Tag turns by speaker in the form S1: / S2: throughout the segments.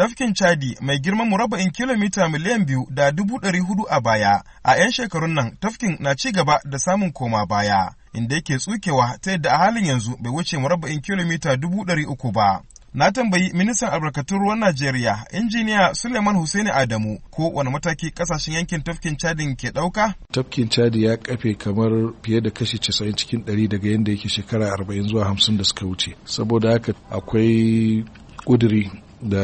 S1: tafkin chadi mai girman murabba'in kilomita miliyan biyu da dubu ɗari hudu a baya a 'yan shekarun nan tafkin na ci gaba da samun koma baya inda yake tsukewa ta yadda a halin yanzu bai wuce murabba'in kilomita dubu ɗari uku ba na tambayi ministan albarkatun ruwan najeriya injiniya suleiman husaini adamu ko wani mataki kasashen yankin tafkin chadin ke ɗauka?
S2: tafkin chadi ya kafe kamar fiye da kashi 90 cikin ɗari daga yadda yake shekara arba'in zuwa 50 da suka wuce saboda haka akwai kuduri da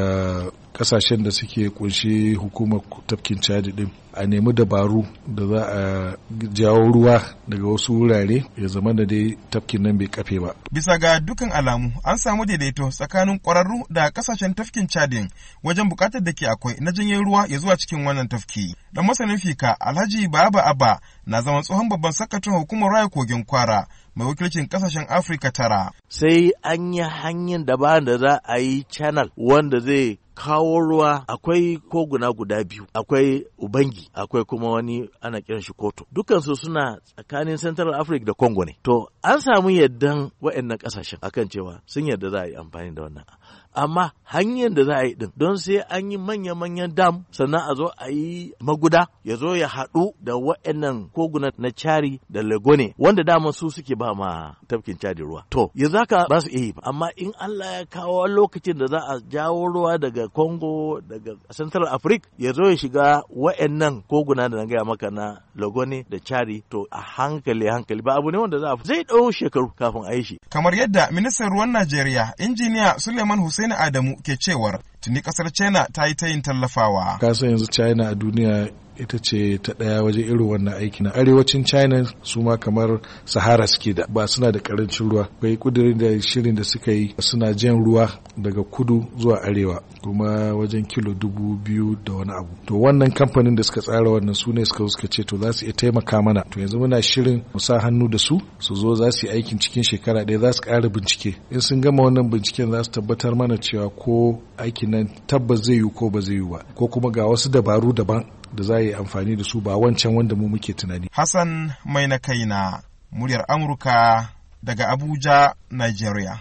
S2: kasashen da suke kunshi hukumar tafkin chadi din a nemi dabaru da za a jawo ruwa daga wasu wurare ya zama da dai tafkin nan bai kafe ba
S1: bisa ga dukan alamu an samu daidaito tsakanin kwararru da kasashen tafkin chadin wajen bukatar da ke akwai na janyen ruwa ya zuwa cikin wannan tafki dan masanin fika alhaji baba Aba na zama tsohon babban sakataren hukumar raya kogin kwara mai wakilcin kasashen Afirka tara.
S3: Sai an yi hanyar da ba da za a yi channel wanda zai kawo ruwa akwai koguna guda biyu akwai ubangi akwai kuma wani ana kiran shi koto dukansu suna tsakanin central africa da congo ne to an samu yardan wa'annan kasashen akan cewa sun yadda za a yi amfani da wannan amma hanyar da za a yi din don sai an yi manya-manyan dam sannan a zo a yi maguda ya zo ya haɗu da wa'annan koguna na cari da legone wanda dama su suke ba ma tafkin cari ruwa to ya ka ba su iya amma in Allah ya kawo lokacin da za a jawo ruwa daga Congo daga Central Africa ya zo ya shiga waɗannan koguna da na gaya maka na legone da cari to a hankali hankali ba abu ne wanda za a zai tsawon shekaru kafin a yi shi.
S1: Kamar yadda ministan ruwan Najeriya, injiniya Suleiman Hussein Adamu ke cewar tuni kasar China ta yi ta yin tallafawa.
S2: Kasan yanzu China a duniya ita ce ta ɗaya waje irin wannan aiki na arewacin china su ma kamar sahara suke da ba suna da karancin ruwa bai kudirin da shirin da suka yi suna jan ruwa daga kudu zuwa arewa kuma wajen kilo dubu biyu da wani abu to wannan kamfanin da suka tsara wannan su ne suka suka ce to za su iya taimaka mana to yanzu muna shirin mu sa hannu da su su zo za su yi aikin cikin shekara ɗaya za su ƙara bincike in sun gama wannan binciken za su tabbatar mana cewa ko aikin nan tabbas zai yi ko ba zai yi ba ko kuma ga wasu dabaru daban da za yi amfani da su ba wancan wanda mu muke tunani. Hassan
S1: mai na kai na muryar Amurka daga Abuja, Nigeria.